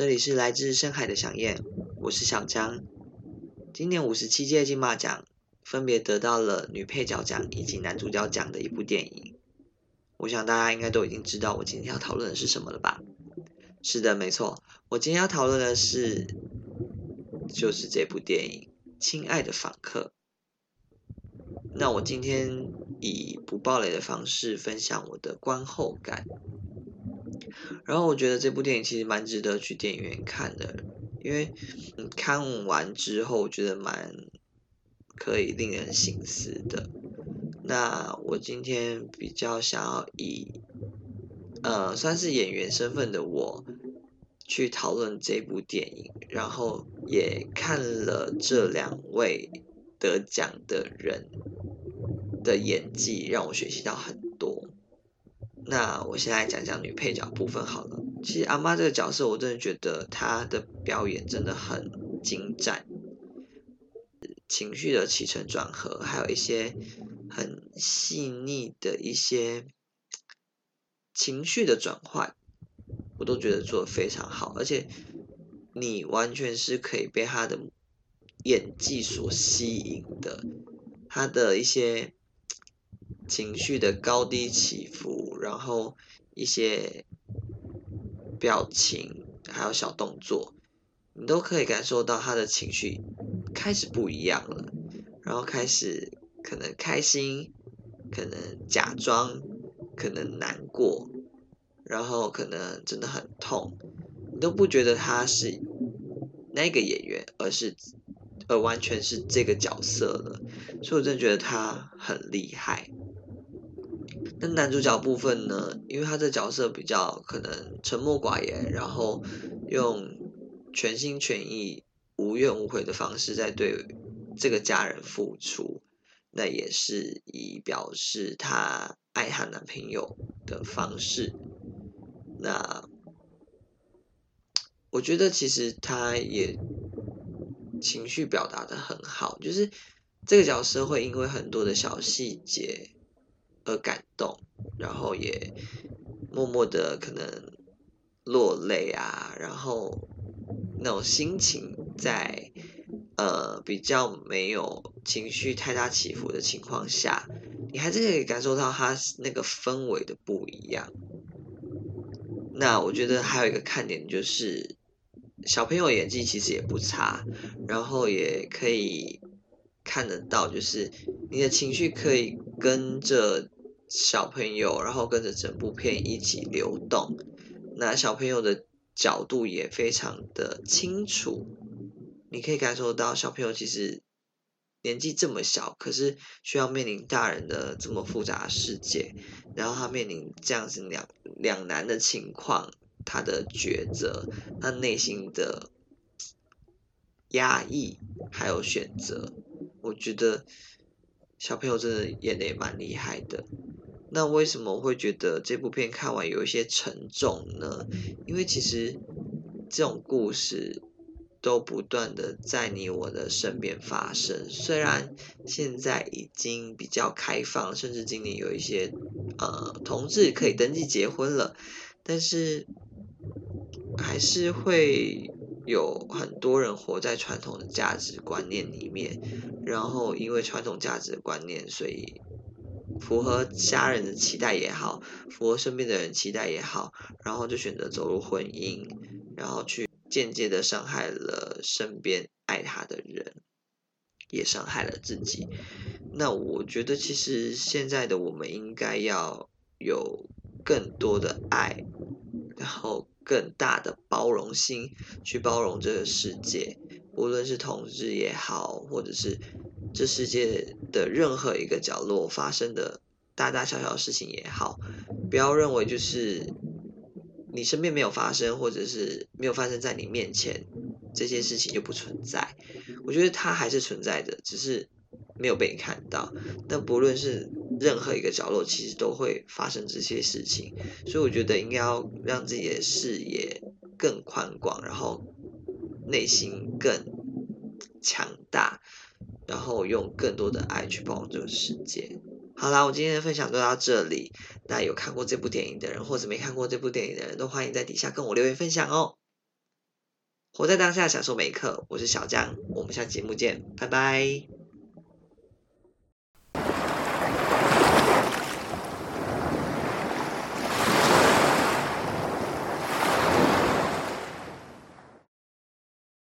這裡是來自深海的響燕，我是小江。今年五十七屆金馬獎分別得到了女配角獎以及男主角獎的一部電影，我想大家應該都已經知道我今天要討論的是什麼了吧？是的，沒錯，我今天要討論的是就是這部電影《親愛的房客》。那我今天以不爆雷的方式分享我的觀後感。然後我覺得這部電影其實蠻值得去電影院看的，因為你看完之後我覺得蠻可以令人省思的。那我今天比較想要以呃算是演員身份的我去討論這部電影，然後也看了這兩位得獎的人的演技，讓我學習到很。那我先來講講女配角部分好了。其實阿媽這個角色，我真的覺得她的表演真的很精湛，情緒的起承轉合，還有一些很細膩的一些情緒的轉換，我都覺得做得非常好。而且你完全是可以被她的演技所吸引的，她的一些。情緒的高低起伏，然後一些表情，還有小動作，你都可以感受到他的情緒開始不一樣了，然後開始可能開心，可能假裝，可能難過，然後可能真的很痛，你都不覺得他是那個演員，而是，呃，完全是這個角色了，所以我真的覺得他很厲害。那男主角部分呢？因為他的角色比較可能沉默寡言，然後用全心全意、無怨無悔的方式在對這個家人付出，那也是以表示他愛他男朋友的方式。那我覺得其實他也情緒表達得很好，就是這個角色會因為很多的小細節。和感動，然後也默默的可能落淚啊，然後那種心情在呃比較沒有情緒太大起伏的情況下，你還是可以感受到他那個氛圍的不一樣。那我覺得還有一個看點就是小朋友演技其實也不差，然後也可以看得到，就是你的情緒可以跟着。小朋友，然後跟着整部片一起流動，那小朋友的角度也非常的清楚，你可以感受到小朋友其實年紀這麼小，可是需要面臨大人的這麼複雜的世界，然後他面臨這樣子兩兩難的情況，他的抉擇，他內心的壓抑還有選擇，我覺得。小朋友真的演得也蠻厲害的，那為什麼我會覺得這部片看完有一些沉重呢？因為其實這種故事都不斷地在你我的身邊發生，雖然現在已經比較開放，甚至今年有一些呃同志可以登記結婚了，但是還是會。有很多人活在傳統的價值觀念裡面，然後因為傳統價值觀念，所以符合家人的期待也好，符合身邊的人期待也好，然後就選擇走入婚姻，然後去間接的傷害了身邊愛他的人，也傷害了自己。那我覺得其實現在的我們應該要有更多的愛，然後。更大的包容心去包容這個世界，無論是同志也好，或者是這世界的任何一個角落發生的大大小小的事情也好，不要認為就是你身邊沒有發生，或者是沒有發生在你面前，這些事情就不存在。我覺得它還是存在的，只是。沒有被你看到，但不論是任何一個角落，其實都會發生這些事情。所以我覺得應該要讓自己的視野更寬廣，然後內心更強大，然後用更多的愛去包容這個世界。好啦，我今天的分享就到這裡。那有看過這部電影的人，或者沒看過這部電影的人都歡迎在底下跟我留言分享哦。活在當下，享受每一刻。我是小江，我們下期節目見，拜拜。